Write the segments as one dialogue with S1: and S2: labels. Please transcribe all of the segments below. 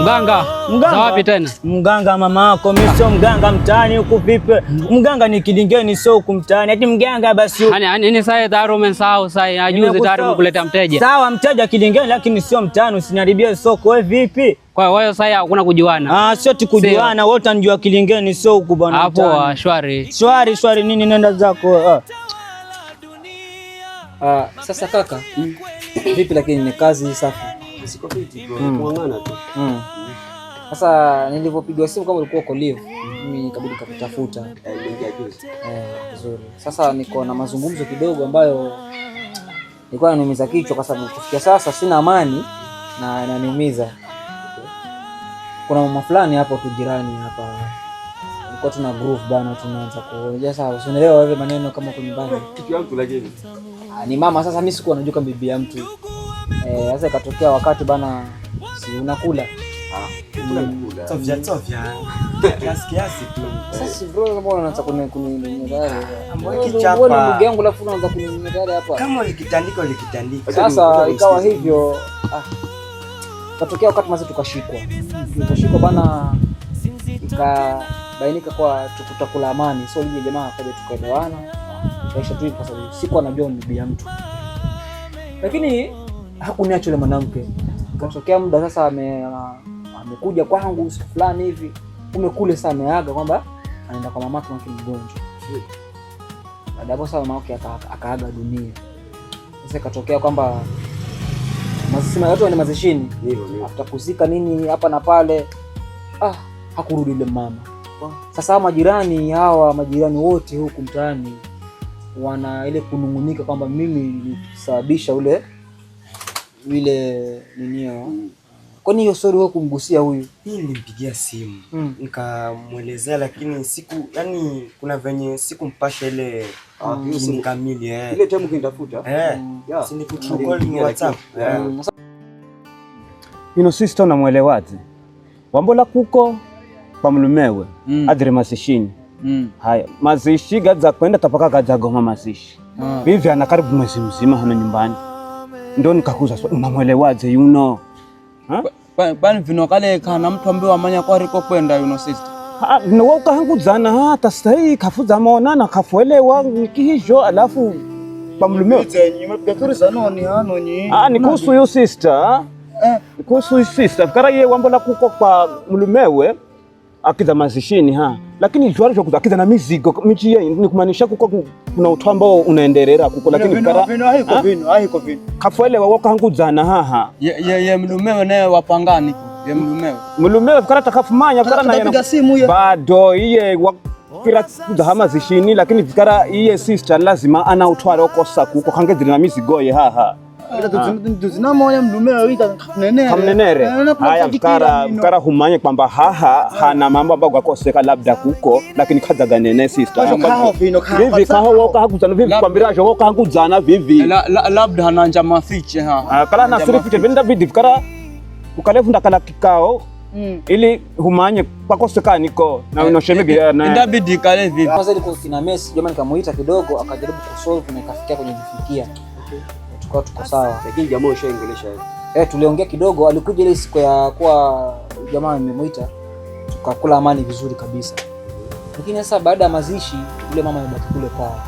S1: Mganga mganga wapi tena?
S2: Mganga mama yako, mimi sio mganga mtaani huku. Vipi mganga ni kidingeni, sio huku mtaani ati mganga basi.
S1: Kuleta mteja
S2: sawa, mteja kidingeni, lakini sio mtaani. Usiniharibie soko wewe. Vipi
S1: kwa hiyo sasa hakuna kujuana?
S2: Ah, sio tukujuana, wewe utanijua kidingeni, sio huku bwana.
S1: Hapo ah, shwari
S2: shwari shwari nini, nenda zako. Ah,
S3: ah. ah sasa kaka, mm. vipi lakini ni kazi safi
S4: siko fiti, mm. mwangana tu. Mm.
S3: Sasa nilivyopiga simu kama ulikuwa uko live, mimi ikabidi kakutafuta.
S4: Eh, eh
S3: Sasa niko na mazungumzo kidogo ambayo nilikuwa naniumiza kichwa kwa sababu kufikia sasa sina amani na inaniumiza. Kuna mama fulani hapo tu jirani hapa. Nilikuwa tuna groove bana, tunaanza kuongea sasa, usielewe wewe maneno kama kwa nyumbani. Ah, ni mama sasa, mimi sikuwa najua kama bibi ya mtu Naweza eh, ikatokea wakati bana, si unakula
S4: ah,
S3: Sasa ikawa hivyo, ah. katokea wakati mazi tukashikwa, tukashikwa bana, ikabainika kwa tutakula amani. So yule jamaa tukaelewana, tu, kwa sababu sikuwa najua ni bibi ya mtu, lakini hakuniacha yule mwanamke. Katokea muda sasa ame amekuja kwangu siku fulani hivi, umekule sasa ameaga kwamba anaenda kwa mamake wake mgonjwa. Baada hapo sasa mamake akaaga dunia. Sasa ikatokea kwamba mazisima mazishini, afta kuzika nini hapa na pale, ah, hakurudi yule mama. Oh. Sasa majirani hawa majirani wote huku mtaani wana ile kunungunika kwamba mimi nilisababisha ule vile ninio mm. Kwani hiyo story wewe kumgusia huyu?
S2: Mimi nilimpigia simu mm. Nikamwelezea, lakini siku yani kuna venye mpasha ile ah, ah, simu kamili eh.
S4: Ile time kinitafuta eh, hmm. si ni ni WhatsApp
S5: ino sisto namwelewazi wambola kuko pamlumewe mm. adire masishini mm. Haya mazishi gadza kwenda tapaka gadza goma mazishi mm. Ah. Vivi ana karibu mwezi mzima hana nyumbani ndo nikakuza swali, unamwelewaje yuno
S1: bani vino kale kana mtu ambaye wamanya kwa riko kwenda yuno sister
S5: waukahangudzana hata sahii maona na kafuelewa nikihijo alafu
S2: pamlumenikusuyusista
S5: kusuyu sista fikara ye wambola kuko kwa mlumewe akiza mazishini ha lakini twari cyo kuzakiza na mizigo michi ni kumanisha kuko kuna utu ambao unaendelea kuko
S2: lakini kara vino haiko vino haiko vino
S5: kafuele hangu zana ha ha
S2: ye ye, ye mlumewe naye wapangani ye mlumewe
S5: mlumewe kara takafumanya kara na yana bado iye kira kudahama zishini lakini vikara iye sister lazima ana utware okosa kuko kangezira na mizigo ye ha ha Haya, mkara mkara humanye kwamba haha hana mambo ambayo gakoseka labda kuko lakini kazaga nene sister vivi kaho woka hakuzana vivi kwambirajo woka hakuzana vivi
S2: labda hananja mafiche ha
S5: ah, kala nasirifiche vinda vidi kara ukalefunda kala kikao Mm. Ili humanye kwakosekaniko na eh, eh, na
S2: David kale vipi?
S3: Kwanza ilikuwa kina Messi, jamani, kamuita kidogo akajaribu kusolve na ikafikia kwenye kufikia tukawa tuko sawa,
S4: lakini jamaa ushaongelesha hivi
S3: eh, tuliongea kidogo, alikuja ile siku ya kuwa jamaa nimemuita, tukakula amani vizuri kabisa. Lakini sasa baada ya mazishi yule mama yabaki kule kwa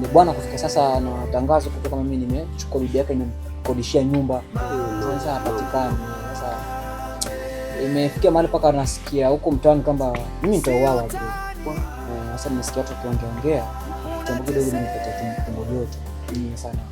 S3: Ni bwana kufika sasa na tangazo kutoka mimi nimechukua bibi yake nimkodishia nyumba. Sasa hapatikani. Sasa imefikia mahali paka nasikia huko mtaani kwamba mimi nitauawa tu. Eh, sasa nimesikia watu wakiongea ongea, jambo kidogo nimepata tumbo
S2: joto. Ni sana.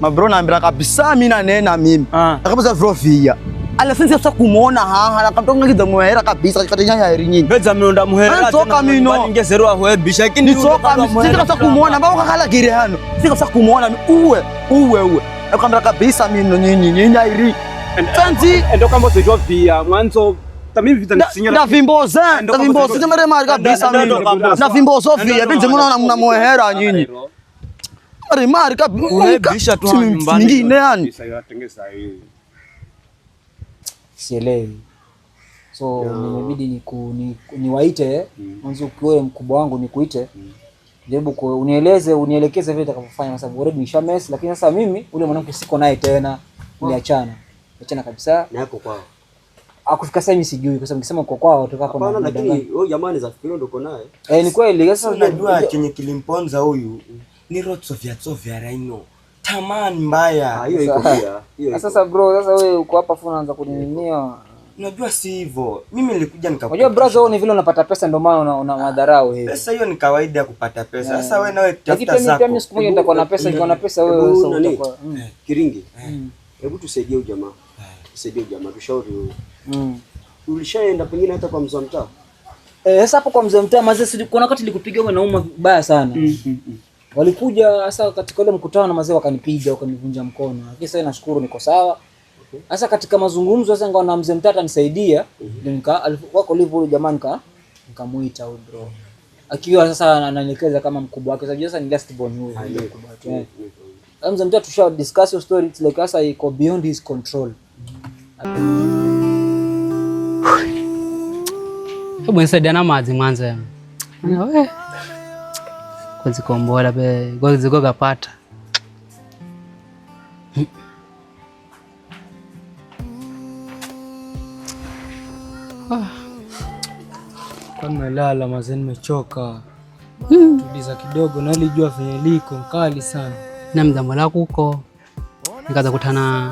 S1: mabro naambira ah. kabisa mimi nanena mimi akabaza vro via alasense sa kumuona haha kidza muhera kabisa nyanya yairi nyinyi
S2: beza mionda muhera
S1: toka mino ah,
S2: ngezero wa hebisha kini
S1: toka msitaka sa kumuona mbao kakala gire hano sika sa kumuona uwe uwe uwe akambira kabisa mino nyinyi nyanya yairi
S4: uh, tanzi ndo kambo zjo via mwanzo na
S1: na ndavimboza ndavimboza temaremari kabisa mino ndavimbozo via binzi munaona mnamuhera nyinyi mari
S2: nyingine yani
S3: sielewi, so nimebidi niwaite hmm. mwanzo, ukiwe mkubwa wangu nikuite hmm. jaribu unieleze unielekeze vile nitakavyofanya, kwa sababu already nisha mess. Lakini sasa mimi ule mwanamke siko naye tena, niachana achana kabisa na yako kwao. Akufika sasa mimi sijui, kwa sababu nikisema kwa kwao
S4: toka hapo. lakini wewe jamani, za fikiri ndoko naye
S2: eh, ni kweli. Sasa najua chenye kilimponza huyu ni rotsovya tsovya raino tamani mbaya
S4: ah, hiyo iko pia.
S3: Sasa bro, sasa wewe uko hapa funa unaanza kuniminia.
S2: Unajua si hivyo. Mimi nilikuja nikakupa.
S3: Unajua bro, wewe ni vile unapata pesa ndio maana una madharau hivi.
S2: Pesa hiyo ni kawaida ya kupata pesa. Sasa wewe na wewe
S3: tafuta zako. Lakini mimi siku moja nitakuwa na pesa, nikiwa na pesa wewe
S4: sasa utakuwa mm. eh, kiringi. Mm. Eh, hebu tusaidie huyu jamaa. Eh. Tusaidie huyu jamaa, tushauri huyu. Mm. Ulishaenda pengine hata kwa mzee mtaa?
S3: Eh, sasa hapo kwa mzee mtaa mzee kuna wakati nilikupiga wewe nauma baya sana. Mm. -hmm. Walikuja hasa katika ile mkutano na mzee wakanipiga, wakanivunja mkono. Lakini sasa nashukuru niko sawa. Hasa katika mazungumzo sasa ngawa na mzee Mtata nisaidia, mhm. nika wako live jamani ka nikamuita huyo bro. Akiwa sasa ananielekeza kama mkubwa wake. Sasa ni last born huyo mkubwa wake. Eh. Mzee Mtata tusha discuss your story it's like sasa iko beyond his control.
S1: Hebu nisaidia na maji mwanzo. Wewe kuzikombola zikogapata
S2: kamelala ah. mazee, nimechoka hmm. Tuliza kidogo, nalijua venye liko mkali sana
S1: na mjambo lako huko, nikaza kutana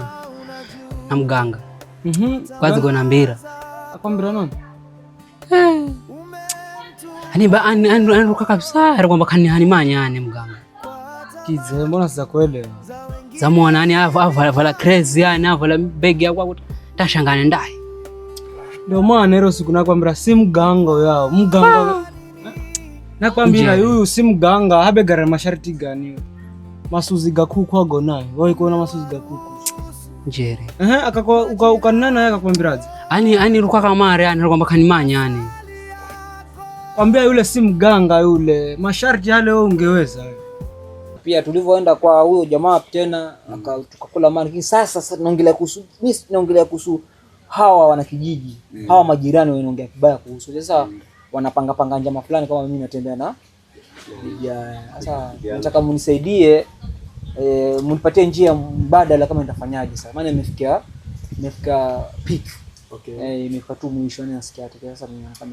S1: na mganga mm na mbira akwambira nani aniruka kabisa ari kwamba kanihanimanya ani mganga
S2: kids mbona sasa kuelewa
S1: zamona ani avala crazy ani avala begi yako tashangana ndai
S2: ndio maana hilo siku nakwambia si mganga yao mganga ah. nakwambia huyu si mganga habe gara masharti gani masuzi gaku kwago naye wewe uko na masuzi gaku njeri eh akakwa ukanana yakakwambiraje
S1: ani ani ruka kamare ani kwamba kanimanya ani
S2: Kwambia yule si mganga yule, masharti yale wewe ungeweza
S3: pia. Tulivyoenda kwa huyo jamaa tena mm. tukakula mani. Sasa sasa tunaongelea kuhusu mimi, naongelea kuhusu hawa wanakijiji mm. hawa majirani wanaongea kibaya kuhusu sasa mm. wanapanga panga njama fulani, kama mimi natembea na sasa nataka mnisaidie eh, mnipatie njia mbadala, kama nitafanyaje sasa, maana nimefikia imefikia peak okay, eh, imefika tu mwisho, nasikia hata sasa mimi nataka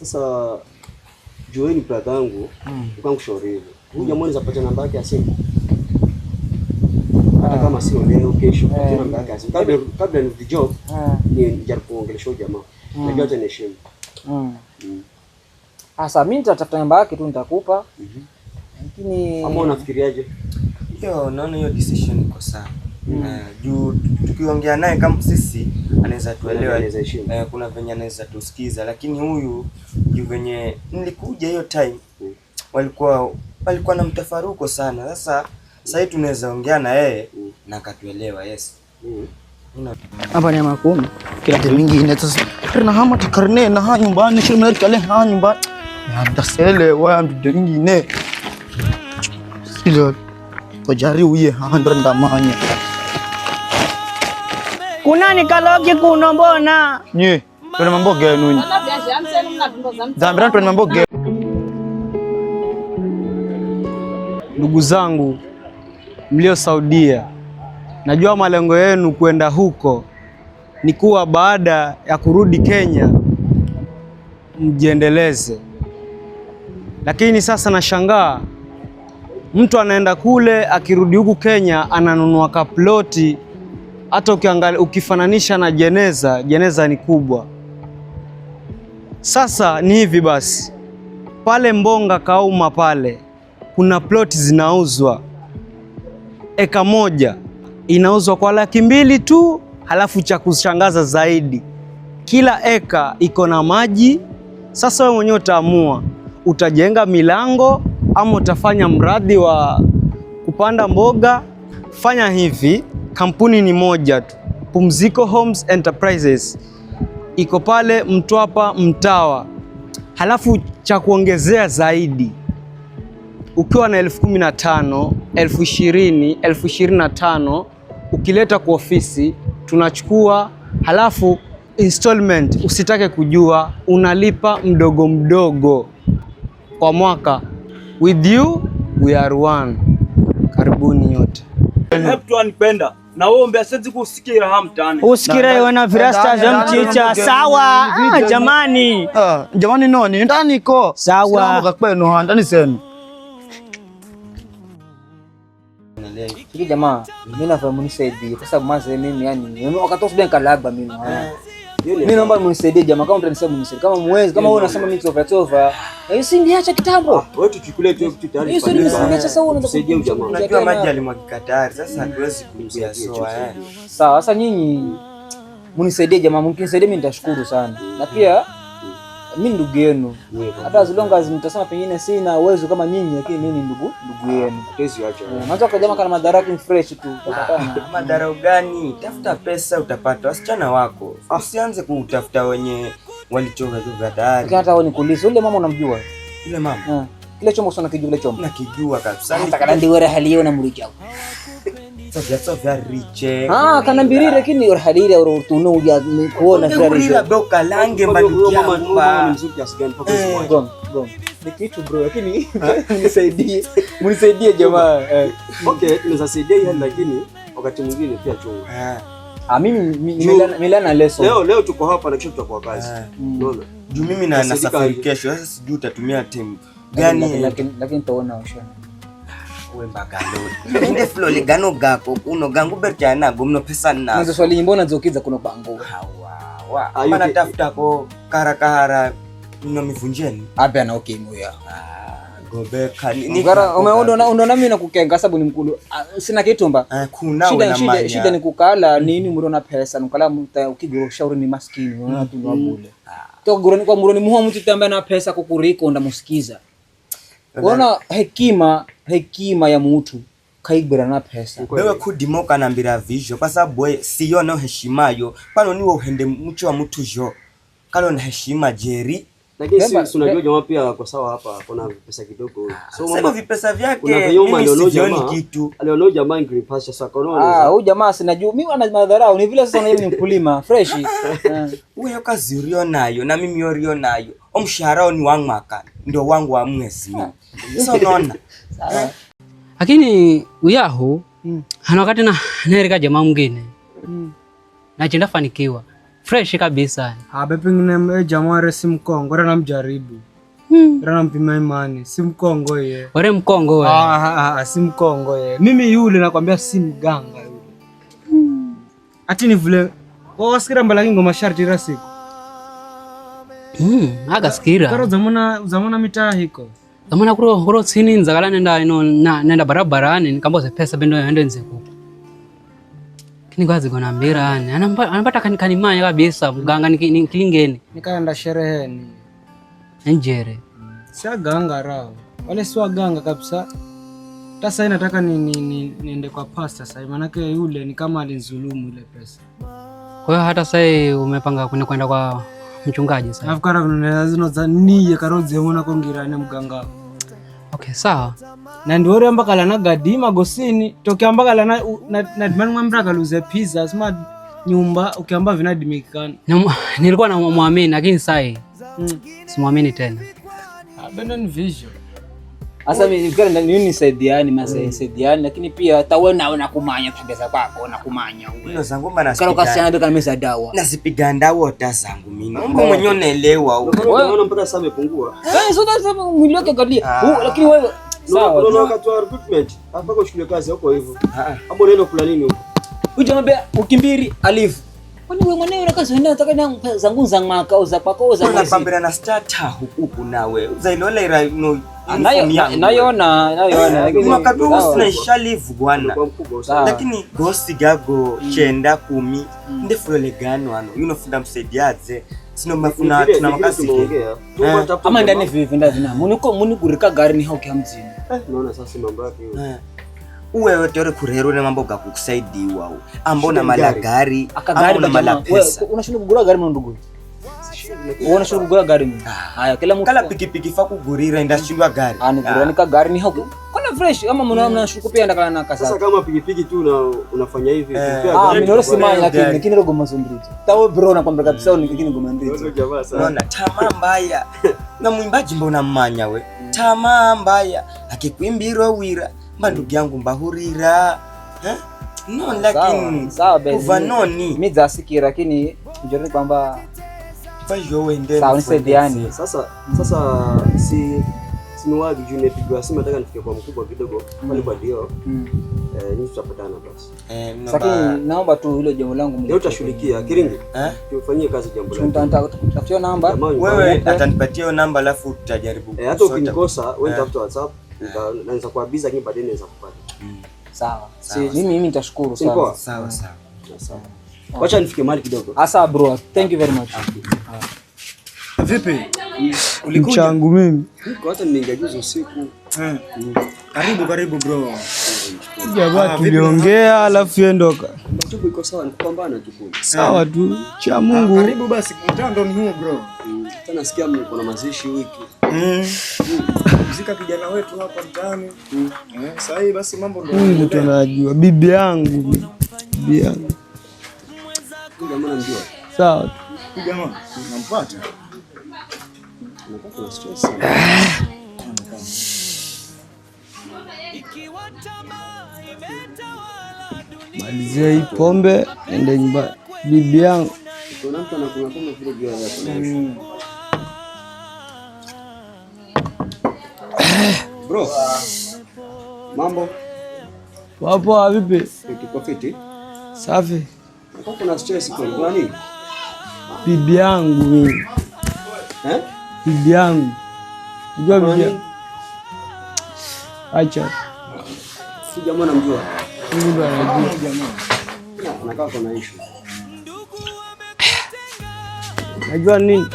S4: sasa jueni brother yangu mm. ukankushauri hivyo. Hmm. Huyu jamaa anaweza pata namba yake ya simu. Ah. Hata kama sio leo kesho eh. pata namba yake ya simu. Kabla kabla eh. ni job ni jaribu kuongelesha huyu jamaa. Hmm. Najua hata ni heshima. Mm.
S3: Asa mimi nitatafuta namba yake tu nitakupa. Mhm. Lakini mm -hmm.
S4: Hapo unafikiriaje?
S2: Hiyo naona hiyo decision iko sawa mm. uh, juu tukiongea naye kama sisi anaweza tuelewa, uh, eh, kuna venye anaweza tusikiza, lakini huyu juu venye nilikuja hiyo time mm. walikuwa walikuwa na mtafaruko sana. Sasa sasa tunaweza ongea na yeye mm. na akatuelewa. Yes mm.
S1: Hapa ni makumi kila kitu mingine sasa na hama takarne na ha nyumbani shule mwerika le ha nyumbani na ah, ndasele wa mdu mingine silo kujari uye ha ndo ndamanya kuna kaloki kuno mbona
S2: nye tuna mambo gani nye zambira tuna mambo gani ndugu zangu mlio Saudia najua malengo yenu kwenda huko ni kuwa baada ya kurudi Kenya mjiendeleze, lakini sasa nashangaa mtu anaenda kule akirudi huku Kenya ananunua kaploti hata ukiangalia ukifananisha na jeneza, jeneza ni kubwa. Sasa ni hivi basi, pale Mbonga Kauma pale kuna ploti zinauzwa eka moja inauzwa kwa laki mbili tu. Halafu cha kushangaza zaidi, kila eka iko na maji. Sasa wewe mwenyewe utaamua utajenga milango ama utafanya mradi wa kupanda mboga. Fanya hivi, kampuni ni moja tu, Pumziko Homes Enterprises iko pale Mtwapa Mtawa. Halafu cha kuongezea zaidi, ukiwa na elfu kumi na tano, elfu ishirini, elfu ishirini na tano ukileta kwa ofisi tunachukua, halafu installment usitake kujua, unalipa mdogo mdogo kwa mwaka. With you we are one. Karibuni yote.
S4: Naomba siwezi kusikia hamtani.
S1: Usikire na virasta za mchicha. Sawa. Ah, jamani.
S2: Ah, jamani noni ndani ko.
S1: Sawa.
S2: Kakwenu ndani senu.
S1: Kile jamaa mimi nafahamu nisaidie kwa sababu mzee mimi yani wakati usibia kalaba mimi. Mimi naomba mnisaidie jamaa, kama mtanisaidia mnisaidie, kama mwezi, kama wewe yaani unasema mimi sofa sofa, hiyo eh, si niacha kitambo. Ah,
S4: wewe tuchukulie tu kitu
S1: tayari. Hiyo si niacha sasa, wewe unataka
S4: kusaidia jamaa.
S2: Unajua maji alimwagika tayari, sasa hatuwezi kumzia soa. Eh.
S1: Sawa, sasa nyinyi mnisaidie jamaa, mkinisaidia mimi nitashukuru sana. Na pia mi ndugu yenu, hata as long as mtasema pengine sina uwezo kama nyinyi, lakini mi ni ndugu ndugu ah, yenu. Eh, Mwanzo kwa jamaa kana madaraka fresh tu.
S2: Ah, Madarau gani? Tafuta pesa utapata. Wasichana wako ah. usianze kutafuta wenye walichora tu tayari.
S1: Hata wao nikuulize, ule mama unamjua ule mama? Eh, kile chombo sana kijua, kile chombo
S2: nakijua kabisa.
S1: Hata kana ndiwe rahali yao na murichao Ah, kanambirire kini urharire urutuno uja kuona mnisaidie jamaa. Eh.
S4: wakati mwingine pia chungu
S1: Ah, mimi nilana lesson.
S4: Leo leo tuko hapa na kesho tutakuwa kazi. Ah. Unaona?
S2: Juu mimi na nasafiri kesho, sasa sijui utatumia timu gani,
S1: lakini lakini tutaona ushauri
S2: ende fulole gano gako kuno gangu berjana nago mno pesa nazo
S1: zokiza kuno bango
S2: mana tafutako mno mivunjeni
S1: ape ana ukimuya ah, nakukenga sababu ni mkulu ah, sina kitumba
S2: nikukala eh, shida,
S1: shida ni mm. pesa nukala ukigura ni maskini unatunwa mm. bule mm. ah. tokagura kwa muroni muho mtu tambana pesa kukuriko ndamusikiza wona hekima hekima ya mutu kaigwira na pesa
S2: wewe kudimoka na mbira vizho kwa sababu we siyo heshima yo pano niwo uhende mchu wa mutu jo kano na heshima jeri
S4: lakini si unajua jamaa pia kwa sawa hapa ah, kuna pesa kidogo.
S2: So mama, sema vipesa vyake
S4: mimi sioni kitu. Alionao jamaa green ingripasha sasa kono.
S1: Ah, huyu jamaa sinajua mimi ana madharau ni vile sasa ni mkulima fresh.
S2: Wewe eh. kazi ulio nayo na mimi ulio nayo. Omsharao ni wangu maka. ndio wangu wa mwezi. Ah. Sasa unaona. Eh.
S1: Lakini uyahu mm. ana wakati na nereka jamaa mwingine. Mm. Na chenda fanikiwa fresh kabisa.
S2: Habe ah, pengine jamaa si mkongo, ora namjaribu. Hmm. Ora nampima imani, si mkongo ye
S1: Ore mkongo we
S2: Ah, ah, ah, ah si mkongo ye Mimi yule nakwambia si mganga yule. Hmm. Ati ni vile wasikira mbala kingo masharti rasiku.
S1: Hmm, aga
S2: Karo zamona zamona mitaa hiko.
S1: Zamona kuro kuro tsini nzakala nenda ino na nenda barabarani nikamboze pesa bendo yende nzeku ani anapata kanimanya kabisa mganga nikilingeni
S2: nikaenda shereheni njere siaganga rao wale si waganga kabisa tasa nataka niende ni, ni, ni kwa pasta sai maanake yule ni kama alinzulumu ile pesa
S1: kwa hiyo hata sai umepanga kwenda kwa mchungaji sasa
S2: afkara zino za niye karozi ona kongirane mganga
S1: Okay, sawa
S2: kala na gadima gosini tokiambakala nadimani kaluze pizza sima nyumba ukiamba vinadimikikana
S1: nilikuwa namwamini lakini sai mm. simwamini tena
S2: ah, bendo vision
S1: sasa mimi nisaidiani masa nisaidiani, lakini pia taona nakumanya kutembeza kwako nakumanya kamesa dawa
S2: nasipiga ndawa tasangu mimi mwenye unaelewa
S4: mpaka sasa amepungua
S1: eh, mwili wake kalia, ah. lakini wewe
S4: kazi huko hivyo, ah.
S1: ukimbiri alifu Kwani wewe mwenyewe unakazoenda na zangu za mwaka au za kwako au za
S2: mwezi. Unapambana na starter huku nawe. Za ile ile no.
S1: Nayo naiona naiona
S2: lakini mwaka tu usina ishalivu bwana. Lakini gosi gago mm. chenda kumi mm. ndefu ile gano ano. Yuno funda freedom said Sino mafuna tuna makasi. Eh.
S1: Ama ndani vivi ndazi na. Muniko munikuri ka gari ni hauki hamzini.
S4: Eh, Unaona sasa mambo yake. Eh
S2: uwe yote ore kurero na mambo gakukusaidiwa ambao na mala gari akagari na mala pesa.
S1: Unashinda kugura gari mwana ndugu. Uona shinda kugura gari mimi. Ah.
S2: Haya kila mtu kala pikipiki fa kugurira inda shindwa gari.
S1: Ani ah, gura ah. ni ka gari ni huko. Kona fresh ama mwana mwana hmm. shuku pia ndakala na kasa.
S4: Sasa kama pikipiki tu na unafanya hivi kupia
S1: eh. gari. Ah mimi ndio sima yake lakini rogo mazundrito. Tawo bro na kwamba kabisa hmm. ni kingine ngoma ndrito. Ndio jamaa
S2: sana. Unaona tamaa mbaya. Na mwimbaji mbona mmanya we. Hmm. Tamaa mbaya. Akikuimbira wira mba ndugu yangu mbahurira non lakini
S1: kuva noni mi zasikira lakini njoroni kwamba saidiani
S4: sasa, sasa si siniwagi juu nimepigwa simu, nataka nifike kwa mkubwa kidogo pale kwa dio mm. eh, ni tutapatana basi.
S1: Eh, lakini naomba tu hilo jambo langu
S4: leo utashughulikia Kiringi, eh? tufanyie kazi jambo
S1: langu, tutafutia namba
S2: wewe, atanipatia hiyo namba alafu tutajaribu.
S4: Hata ukinikosa wewe nitafuta WhatsApp naweza kuabiza lakini baadaye naweza kupata. Mm.
S1: Sawa. Si Mimi mimi nitashukuru sana. Mm.
S2: Sawa sawa. Sawa.
S4: Mm. Wacha nifike mali kidogo.
S1: Asa bro, thank you very much. Ah,
S2: ah, vipi? Ulikuja?
S1: Changu mimi.
S2: Niko hata nimeingia usiku. Eh. Karibu karibu bro. Jamaa ah, tuliongea alafu yendoka.
S4: Mtubu iko sawa ni kupambana tu.
S2: Sawa tu. Cha Mungu. Karibu basi mtando ni huo bro.
S4: Tena sikia mko na mazishi wiki. Eh. Mm tunamzika kijana wetu hapa mtaani mm. Eh, sasa hii basi mambo ndio
S2: Mungu tunajua. Bibi yangu bibi yangu sawa,
S4: jamaa nampata ah.
S2: malizia hii pombe, ende nyumbani bibi yangu.
S4: Bro. Mambo.
S2: Wapo vipi? Uko eh, fiti? Safi.
S4: Kwa Kuna stress kwa nini?
S2: Bibi yangu. Eh? Bibi yangu. Unajua bibi yangu. Acha.
S4: Si jamaa namjua.
S2: Mimi ndo anajua jamaa.
S4: kaka kuna issue.
S2: Najua nini?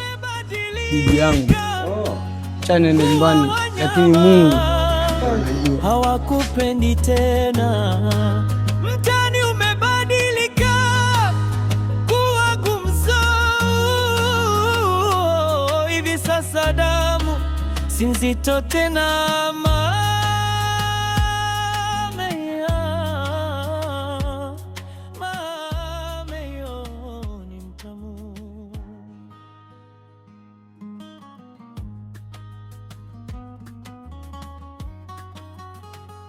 S2: Bibi yangu. Oh. Chana nyumbani lakini Mungu hawakupendi tena. Mtani umebadilika kuwa gumzo, hivi sasa damu si nzito tena.